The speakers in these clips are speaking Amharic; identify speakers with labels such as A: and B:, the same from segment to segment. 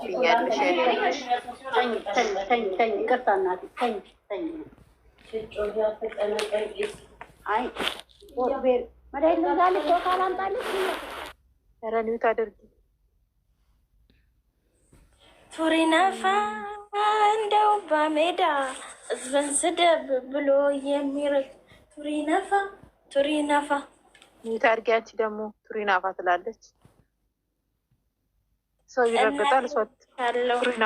A: ቱሪናፋ
B: እንደው በሜዳ ህዝብን ስደብ
A: ብሎ የሚርቅ ቱሪናፋ ቱሪናፋ ሚት ደግሞ ቱሪናፋ ትላለች። ሰው ይረግጣል። ሶትሪና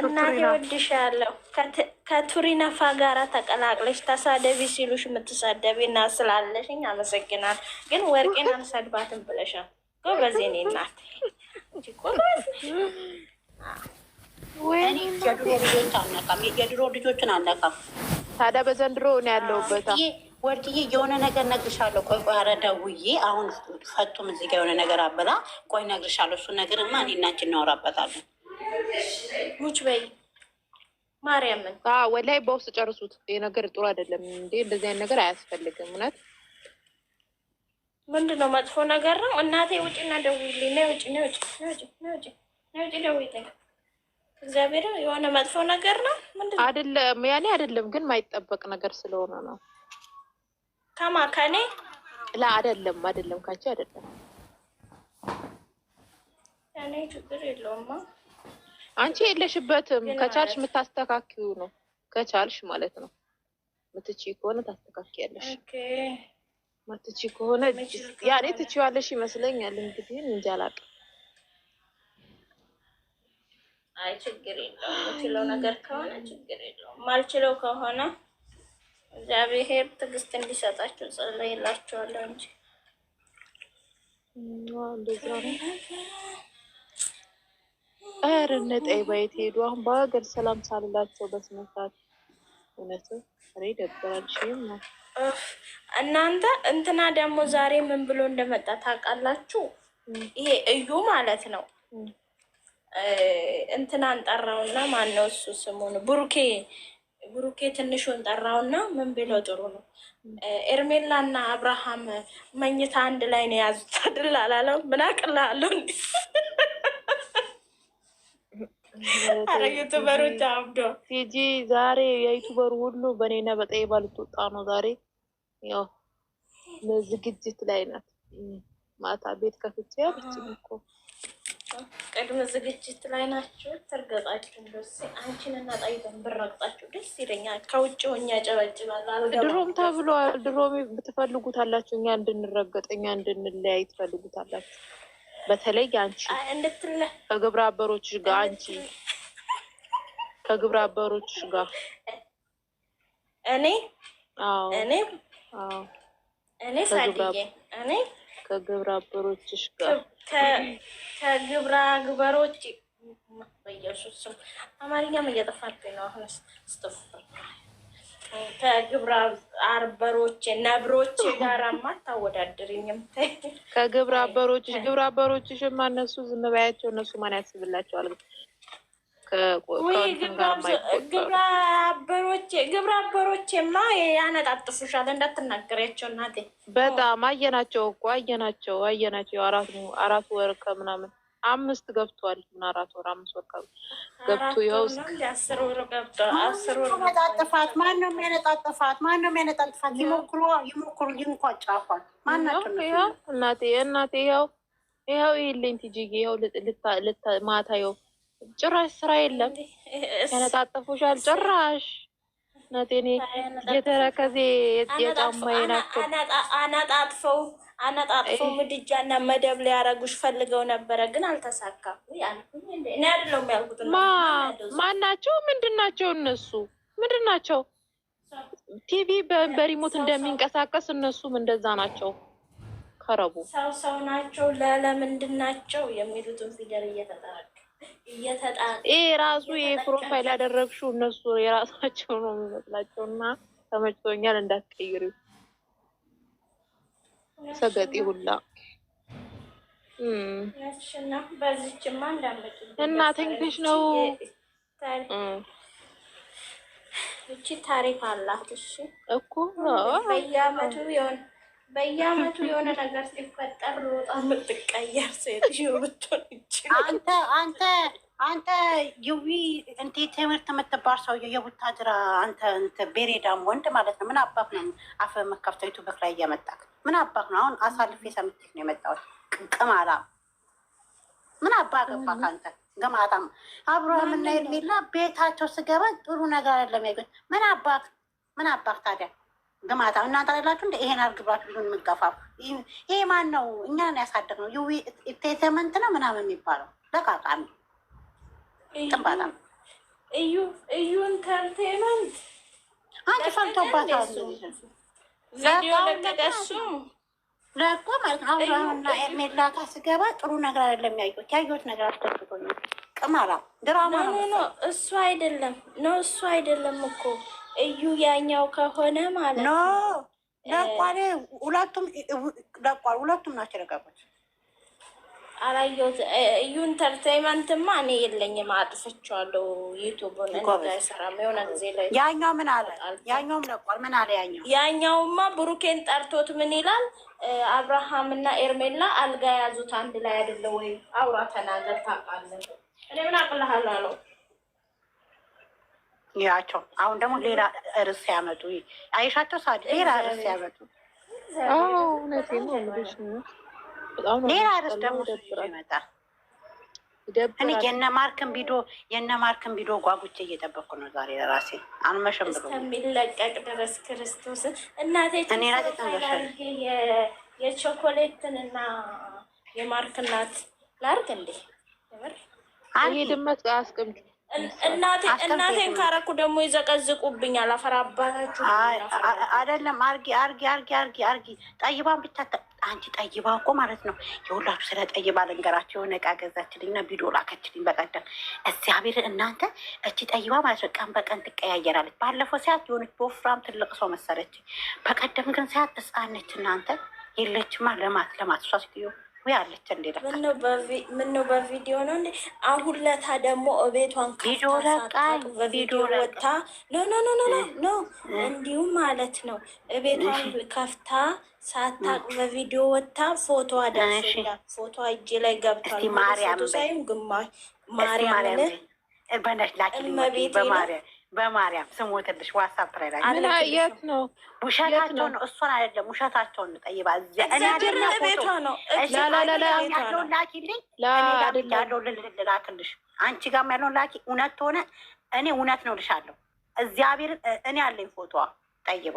B: እናቴ ወድሻለሁ። ከቱሪነፋ ጋራ ተቀላቅለሽ ተሳደቢ ሲሉሽ የምትሳደቢ እና ስላለሽኝ አመሰግናል። ግን ወርቄን አልሰድባትም ብለሻል። ጎበዝ የእኔ እናት የድሮ
A: ልጆችን አልነካም። ታዲያ በዘንድሮ ነው ያለሁበት
B: ወርድዬ የሆነ ነገር ነግርሻለሁ። ቆይ ቆይ፣ ኧረ ደውዬ አሁን ፈቱም እዚህ ጋር የሆነ ነገር አበላ። ቆይ ነግርሻለሁ። እሱ ነገርማ እኔ እና እናወራበታለን። ሙች በይ
A: ማርያምን። ወላይ በውስጥ ጨርሱት። ይህ ነገር ጥሩ አይደለም እንዴ! እንደዚህ አይነት ነገር
B: አያስፈልግም። እውነት ምንድን ነው መጥፎ ነገር ነው። እናቴ ውጭና ደውይልኝ። ነይ ውጭ፣ ነይ ውጭ፣ ነይ ውጭ፣ ነይ ውጭ፣ ነይ ውጭ፣ ደውይልኝ። እግዚአብሔር የሆነ መጥፎ
A: ነገር ነው። ምንድን ነው አይደለም፣ ያኔ አይደለም ግን ማይጠበቅ ነገር
B: ስለሆነ ነው ከማ ከኔ ላ አደለም አደለም ካንቺ አደለም እኔ ችግር የለውማ
A: አንቺ የለሽበትም። ከቻልሽ የምታስተካክዩ ነው ከቻልሽ
B: ማለት ነው። ምትቺ ከሆነ ታስተካክያለሽ፣ ምትቺ ከሆነ ያኔ ትችዋለሽ ይመስለኛል። እንግዲህ እንጃ አላውቅም። አይ ችግር የለውም። የምችለው ነገር ከሆነ ችግር የለውም። ማልችለው ከሆነ እግዚአብሔር
A: ትዕግስት እንዲሰጣችሁ ጸልይላችኋለሁ እንጂ ኧረ እነ ጠይባየት ሄዱ። አሁን በሀገር ሰላም
B: ሳልላቸው በስነ ስርዓት እውነት ሬ ደብራል ነው። እናንተ እንትና ደግሞ ዛሬ ምን ብሎ እንደመጣ ታውቃላችሁ? ይሄ እዩ ማለት ነው። እንትናን ጠራውና ማነው እሱ ስሙን ብሩኬ ብሩኬ ትንሹን ጠራውና ምን ብለው ጥሩ ነው ኤርሜላ ኤርሜላና አብርሃም መኝታ አንድ ላይ ነው የያዙት አይደል አላለው። ምን አቅላለሁ እንዲ
A: አረ ዩቱበሮች አብዶ ቲጂ ዛሬ የዩቱበሩ ሁሉ በእኔና በጠይ ባልትወጣ ነው ዛሬ። ያው
B: ለዝግጅት ላይ ናት። ማታ ቤት ከፍቼ ያለች እኮ ናቸው። ቅድመ ዝግጅት ላይ ናቸው። ተርገጣችሁ እንደዚህ አንቺን እና ጣይበን ብረግጣችሁ ደስ ይለኛል። ከውጭ ሆኜ ያጨበጭባል።
A: ድሮም ተብሏል። ድሮም ትፈልጉታላችሁ። እኛ እንድንረገጥ፣ እኛ እንድንለያይ ትፈልጉታላችሁ። በተለይ አንቺ ከግብረ አበሮችሽ ጋር አንቺ
B: ከግብረ አበሮችሽ ጋር እኔ እኔ
A: እኔ ሳድዬ እኔ ከግብረ አበሮችሽ ጋር ከግብረ አግበሮች በኢየሱስ አማርኛም እየጠፋብኝ ነው። አሁን ስጥፍ ከግብረ አበሮች ነብሮች ጋር አታወዳድርኝም። ከግብረ አበሮች ግብረ አበሮችሽማ እነሱ ዝም በያቸው። እነሱ ማን ያስብላቸዋል? ግብረ አበሮቼማ ያነጣጥፉሻል። እንዳትናገሪያቸው እናቴ። በጣም አየናቸው እኮ አየናቸው፣ አየናቸው አራት ወር
B: ከምናምን አምስት ገብቷል። ምን አራት ወር አምስት ወር ገብቶ ይኸው ያነጣጥፋት። ማን ነው የሚያነጣጥፋት?
A: ማን ነው የሚያነጣጥፋት? ይሞክሩ ይሞክሩ፣ ይንኳጫ አፏል። ማናቸው? ይኸው እናቴ፣ እናቴ፣ ይኸው ይኸው፣ ይህልኝ ትጅዬ፣ ይኸው ልታ ማታ ይኸው ጭራሽ ስራ የለም ተነጣጠፉሻል። ጭራሽ
B: ነቴኔ የተረከዜ የጫማዬ ናቸው አነጣጥፈው አነጣጥፎ ምድጃና መደብ ሊያረጉሽ ፈልገው
A: ነበረ፣ ግን አልተሳካም። እኔ አይደለሁም ያልኩት። ማናቸው? ምንድን ናቸው እነሱ? ምንድን ናቸው? ቲቪ በሪሞት እንደሚንቀሳቀስ እነሱም እንደዛ
B: ናቸው። ከረቡ ሰው ሰው ናቸው። ለለምንድን ናቸው የሚሉትን ፊደር እየተጠረቀ ይሄ ራሱ የፕሮፋይል ፕሮፋይል ያደረግሽው
A: እነሱ የራሳቸው ነው የሚመስላቸው እና ተመችቶኛል፣ እንዳትቀይሪው ሰገጤ ሁላ
B: እና ትንሽ ነው። እቺ ታሪክ አላት እሺ እኮ በየአመቱ የሆነ በየአመቱ የሆነ ነገር ሲፈጠር ሮጣ የምትቀየር ሴት ብትሆን አንተ አንተ አንተ የዊ እንዴ ትምህርት የምትባር ሰው የቡታጅራ አንተ ቤሬዳም ወንድ ማለት ነው። ምን አባክ ነው አፈ መካፍተቱ ዩቱብ ላይ እያመጣክ ምን አባክ ነው? አሁን አሳልፌ ሰምቼክ ነው የመጣሁት። ቅቅም አላ ምን አባ ገባክ አንተ ገማጣም አብሮ አብርሃምና ሌላ ቤታቸው ስገባ ጥሩ ነገር አለ። ምን አባክ ምን አባክ ታዲያ ግማታ እናንተ ላላችሁ እንደ ይሄን አድርግ ብላችሁ ልጁን የምንገፋው ይሄ ማን ነው? እኛን ያሳደግ ነው ዩዊ ቴተመንት ነው ምናምን የሚባለው ለቃቃሚ ጥንባታ እዩ እዩ ኢንተርቴንመንት አንቺ ፈልቶባታል ቪዲዮ ለቀቀሱ ለቆ ማለት ነው። አሁንና ሜላ ስገባ ጥሩ ነገር አይደለም ያየሁት ያየሁት ነገር አስደርጎኛል። ቅማላ ድራማ ነው። እሱ አይደለም ነው እሱ አይደለም እኮ እዩ ያኛው ከሆነ ማለት ነው። ለቋል ሁለቱም ለቋል። ሁለቱም ናቸው የለቀቁት። አላየሁት። እዩ ኢንተርቴይመንትማ እኔ የለኝም አጥፍቼዋለሁ። ዩቱቡን እንዳይሰራም የሆነ ጊዜ ላይ ያኛው ምን አለ? ያኛውም ለቋል። ምን አለ ያኛው? ያኛውማ ብሩኬን ጠርቶት ምን ይላል? አብርሃም እና ኤርሜላ አልጋ ያዙት አንድ ላይ አይደለ ወይ? አውራ ተናገር ታውቃለህ። እኔ ምን አቅልሃለሁ አለው ያቸው አሁን ደግሞ ሌላ ርዕስ ያመጡ አይሻቸው ሳ ሌላ ርዕስ ያመጡ ሌላ ርዕስ ደግሞ ይመጣል። እኔ የነ ማርክን ቢዶ የነ ማርክን ቢዶ ጓጉቼ እየጠበቅኩ ነው ዛሬ ራሴ አልመሸም ብሎ እስከሚለቀቅ ድረስ ክርስቶስ እናቴ የቾኮሌትን እና
A: የማርክ እናት ላርግ እንዴ አንድ ድመት አስቀምጭ እናቴን ካረኩ ደግሞ ይዘቀዝቁብኛል።
B: አፈር አባታችሁ አይደለም። አርጊ አርጊ አርጊ አርጊ አርጊ ጠይባን ብቻ አንቺ ጠይባ እኮ ማለት ነው። የሁላችሁ ስለ ጠይባ ልንገራቸው። የሆነ እቃ ገዛችልኝና ቪዲዮ ላከችልኝ በቀደም። እግዚአብሔር እናንተ እቺ ጠይባ ማለት ነው ቀን በቀን ትቀያየራለች። ባለፈው ሰዓት የሆነች በወፍራም ትልቅ ሰው መሰለች። በቀደም ግን ሰዓት ህፃን እናንተ የለችማ። ለማት ለማት እሷ ሴትዮ ወይ አለች እንዴ? ነው በቪዲዮ ነው እንዴ? አሁን ለታ ደግሞ እቤቷን ቪዲዮ ወታ ኖ ኖ ኖ ኖ ኖ እንዲሁም ማለት ነው እቤቷን ከፍታ ሳታቅ በቪዲዮ ወታ ፎቶ አደርሽኛል። ፎቶ እጅ ላይ ገብቷል። ማርያም ሳይሆን ግማሽ ማርያም በነሽ ላኪ በማርያም በማርያም
A: ስሞትልሽ ዋሳብ ላይ ላይ የት ነው ውሸታቸውን? እሱን አይደለም ውሸታቸውን ጠይባ ቤቷ
B: ነው ያለውን ላኪልኝ፣ ያለውን ልላክልሽ፣ አንቺ ጋም ያለውን ላኪ። እውነት ከሆነ እኔ እውነት ነው ልሻለሁ።
A: እግዚአብሔር እኔ አለኝ ፎቶዋ ጠይባ።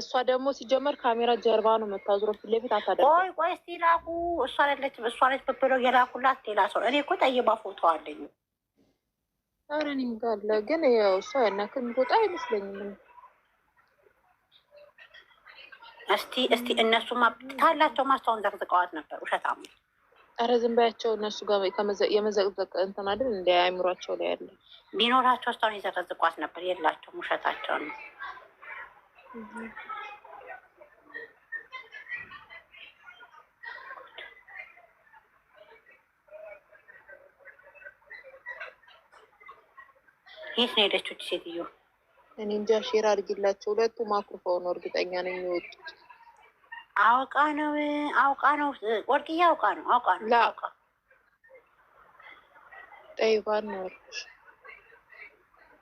A: እሷ ደግሞ ሲጀመር ካሜራ ጀርባ ነው መታዝሮ ፊት ለፊት አታደርግም። ቆይ ቆይ እስኪ ላኩ። እሷ አይደለችም እሷ ነች ብትለው የላኩላት ሌላ ሰው። እኔ እኮ ጠይባ ፎቶ አለኝ ኧረ እኔም ጋር አለ ግን ያው እሷ ያናክል የሚወጣ አይመስለኝም።
B: እስቲ እስቲ እነሱ ታላቸው ማስታወን
A: ዘቅዝቀዋት ነበር። ውሸታም ኧረ ዝም በያቸው። እነሱ ጋር የመዘቅዘቅ እንትን አይደል እንደ አይምሯቸው ላይ ያለ ቢኖራቸው እስካሁን የዘቀዝቋት ነበር። የላቸውም። ውሸታቸው ነው።
B: የት ነው ሄደችው ሴትዮ?
A: እኔ እንጃ። ሼር አድርጊላቸው። ሁለቱ ማክሮፎን እርግጠኛ
B: ነው የሚወጡት። አውቃ ነው አውቃ ነው ወርቅዬ፣ አውቃ ነው አውቃ ነው
A: ላውቃ ጠይባን ነው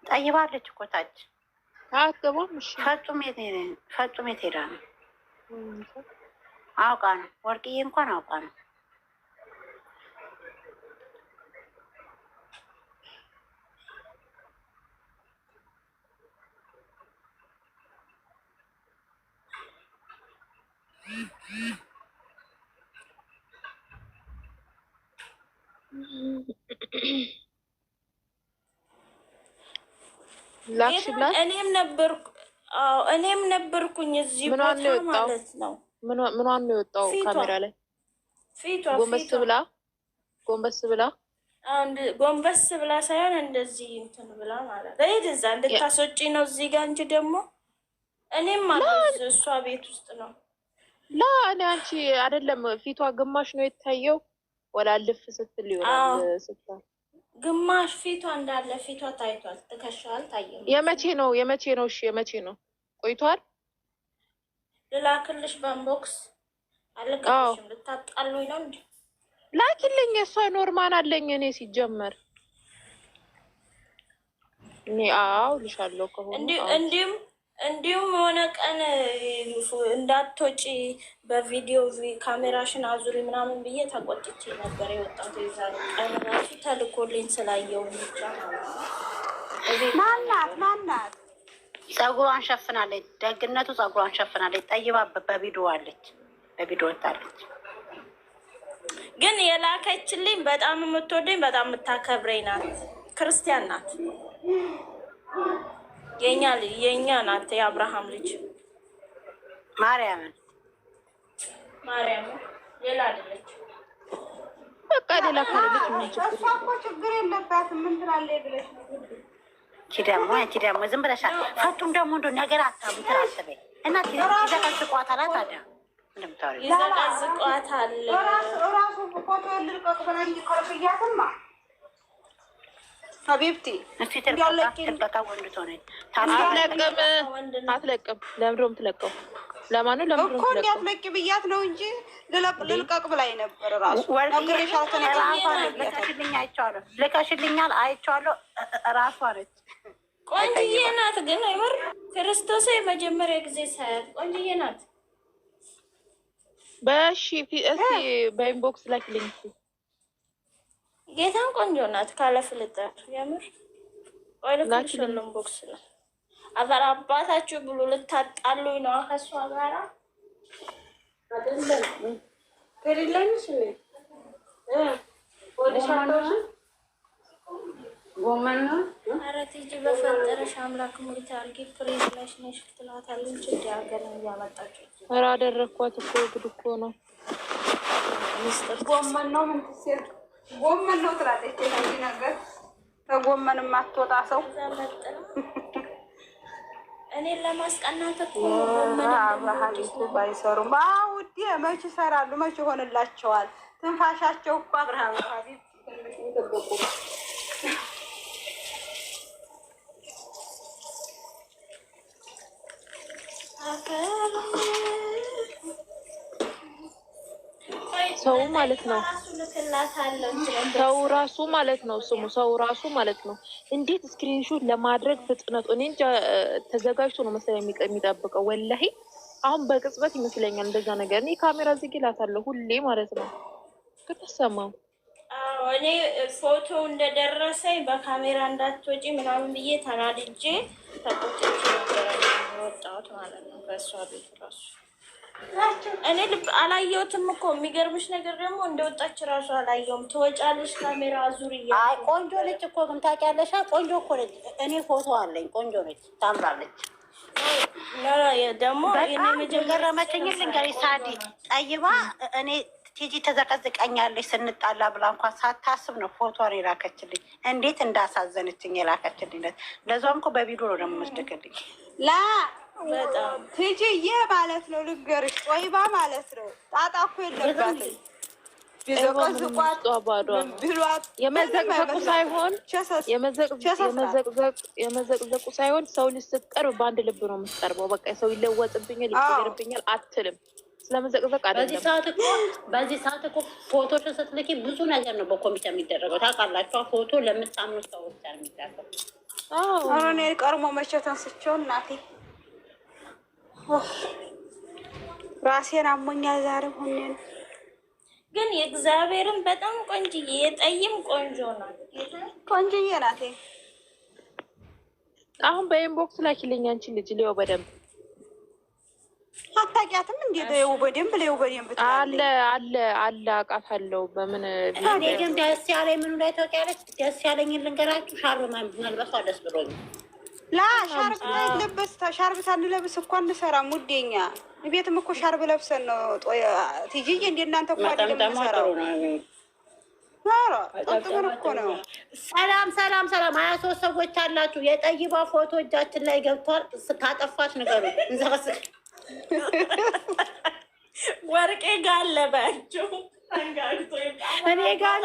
B: ጠይባለች እኮ ታች አትገባም። እሺ ፈጡም የት ሄዳ ነው? አውቃ ነው ወርቅዬ፣ እንኳን አውቃ ነው
A: እኔም ነበርኩ እኔም ነበርኩኝ እዚህ ቦታ ማለት ነው። ምኗን ነው የወጣው? ካሜራ ላይ ፊቷ ጎንበስ ብላ ጎንበስ ብላ ጎንበስ ብላ ሳይሆን እንደዚህ እንትን ብላ ማለት ሄድ እዛ እንድታስወጪ ነው እዚህ ጋር እንጂ ደግሞ እኔም ማለት እሷ ቤት ውስጥ ነው ላ እኔ አንቺ አይደለም ፊቷ ግማሽ ነው የታየው።
B: ወላልፍ ስትል ይሆናል ስታል ግማሽ ፊቷ እንዳለ ፊቷ ታይቷል። ትከሻዋል ታየ። የመቼ ነው የመቼ ነው? እሺ የመቼ ነው? ቆይቷል። ልላክልሽ በንቦክስ አልክልሽም። ልታጣሉኝ ነው እንዴ? ላኪልኝ።
A: እሷ ኖርማን አለኝ እኔ ሲጀመር እኔ አዎ ልሻለሁ ከሆነ እንዲሁም እንዲሁም የሆነ ቀን እንዳትወጪ በቪዲዮ ካሜራሽን
B: አዙሪ ምናምን ብዬ ተቆጥቼ ነበር የወጣሁት። የዛን ቀን ራሱ ተልኮልኝ ስላየው ብቻ ማናት ማናት ጸጉሯን ሸፍናለች። ደግነቱ ጸጉሯን ሸፍናለች። ጠይባ በቪዲዮ አለች፣ በቪዲዮ ወጣለች። ግን የላከችልኝ በጣም የምትወደኝ በጣም የምታከብረኝ ናት። ክርስቲያን ናት። የኛ የኛ ናት የአብርሃም ልጅ ማርያምን ማርያምን ሌላ አይደለች። በቃ ሌላ ችግር የለባትም። ምን ትላለች ብለሽ እቺ ደግሞ እቺ ደግሞ ዝም ብለሻል። ፈቱም ደግሞ እንደ ነገር አታም ትራስበ እና ትዘቃዝ ቋታላ ታዲያ እንደምታወሪ ይዘቃዝ ቋታል ራሱ ፎቶ ቆቶ ልልቀቅ ብለን ይቆርብያትማ ሀቢብቲ ጥበቃ ወንድ ትሆነች። አትለቅም አትለቅም። ለምንድን ነው የምትለቀው? ለማኑ ለምንድን ነው የምትለቀው? አትለቂ ብያት ነው እንጂ ልልቀቅ ብላኝ ነበር። እራሱ ልከሽልኛል፣ አይቼዋለሁ። እራሷ ነች። ቆንጅዬ ናት፣ ግን አይወር ክርስቶስ የመጀመሪያ ጊዜ ሳያት
A: ቆንጅዬ ናት። በሺ በኢንቦክስ ላይ ላኪልኝ
B: ጌታን ቆንጆ ናት ካለ ፍልጠት የምር ወይልክልሽለም ቦክስ ነው። አፈር አባታችሁ ብሎ ልታጣሉኝ ነው ከሷ ጋራ አረቲጂ በፈጠረሽ አምላክ ሙሪት አርጊ
A: ፕሬዝላሽ ነሽ ትላታለች። እንደ ሀገር እያመጣችሁ ኧረ አደረግኳት እኮ ጉድ እኮ ነው። ጎመን ነው
B: ምን ትሴር ጎመን ነው ትላለች። የዚህ ነገር ከጎመን የማትወጣ ሰው እኔን ለማስቀናት እኮ አብርሃሚቱ ባይሰሩም አውዴ መች ይሰራሉ? መች ይሆንላቸዋል? ትንፋሻቸው እኮ አብርሃም ሀቢብ
A: ሰው ማለት ነው። ሰው ራሱ ማለት ነው። ስሙ ሰው ራሱ ማለት ነው። እንዴት ስክሪንሹት ለማድረግ ፍጥነቱ እኔ እንጃ። ተዘጋጅቶ ነው መሰለኝ የሚጠብቀው። ወላሂ አሁን በቅጽበት ይመስለኛል እንደዛ ነገር። እኔ ካሜራ ዝግ እላታለሁ ሁሌ
B: ማለት ነው። ከተሰማው እኔ ፎቶ እንደደረሰኝ በካሜራ እንዳትወጪ ምናምን ብዬ ተናድጄ ተቆጥቼ ነበረ ወጣሁት ማለት ነው በእሷ ቤት ራሱ እኔ ልብ አላየሁትም እኮ የሚገርምሽ ነገር ደግሞ እንደወጣች ራሱ አላየሁም። ትወጫለሽ ካሜራ ዙር እያ ቆንጆ ልጅ እኮ ግን ታውቂያለሽ፣ ቆንጆ እኮ ልጅ እኔ ፎቶ አለኝ። ቆንጆ ነች፣ ታምራለች። ደግሞ ገረመችኝ። ልንገርሽ ሳዲ ጠይባ እኔ ቲጂ ተዘቀዝቀኛለች ስንጣላ ብላ እንኳን ሳታስብ ነው ፎቶን የላከችልኝ። እንዴት እንዳሳዘነችኝ የላከችልኝ ለት ለዛም እኮ በቪዲዮ ነው ደግሞ መስደገልኝ ላ በጣም ትጂዬ ማለት ነው። ልንገርሽ ጦይባ ማለት ነው። ጣጣ እኮ የለባትም። የመዘቅዘቁ ሳይሆን ሰው ልጅ ስትቀርብ በአንድ ልብ ነው የምትቀርበው። በቃ ሰው ይለወጥብኛል፣ ይቀየርብኛል አትልም። ስለመዘቅዘቅ በዚህ ሰዓት እኮ ፎቶሽን ስትልኪ ብዙ ነገር ነው በኮምፒውተር የሚደረገው ታውቃላችሁ። ፎቶ ለምታምኑ ሰዎች የሚደረገው ቀርሞ መቼ ተንስቼው እናቴ ራሴን አሞኛ ዛሬ ሆኜ ነው ግን የእግዚአብሔርን በጣም ቆንጅዬ የጠይም ቆንጆ ነው።
A: ቆንጅዬ ናቴ አሁን በኢንቦክስ ላኪልኝ አንቺ ልጅ ሊዮ በደንብ
B: አታውቂያትም እንዴ? ሊዮ በደንብ ሊዮ በደንብ አለ አለ አለ አውቃታለሁ። በምን እኔ ግን ደስ ያለኝ ምኑ ላይ ታውቂያለች? ደስ ያለኝን ልንገራችሁ። ሻርብ መልበሷ ደስ ብሎኝ ላ ሻርብ ለብስ ሻርብ ሳንለብስ እኮ እንሰራም። ውዴኛ ቤትም እኮ ሻርብ ለብሰን ነው ትይዬ። እንደ እናንተ እኮ አይደለም ሰላም ሰላም ሰላም። ሀያ ሶስት ሰዎች አላችሁ። የጠይባ ፎቶ እጃችን ላይ ገብቷል። ካጠፋች ንገሩ። ወርቄ ጋለባቸው እኔ ጋለ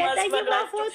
B: የጠይባ ፎቶ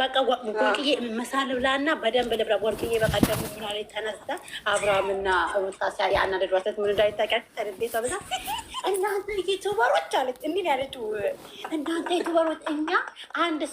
B: በቃ ወርቅዬ መሳል ብላና በደንብ ልብራ። ወርቅዬ በቀደም ምን አለ ተነስተ አብርሃምና ሩታ ሲያ ያናደዷት ምን እንዳይታቀቅ ጠረጴዛ ብላ እናንተ ዩቱበሮች አለች እንዲህ ያለችው እናንተ ዩቱበሮች እኛ አንድ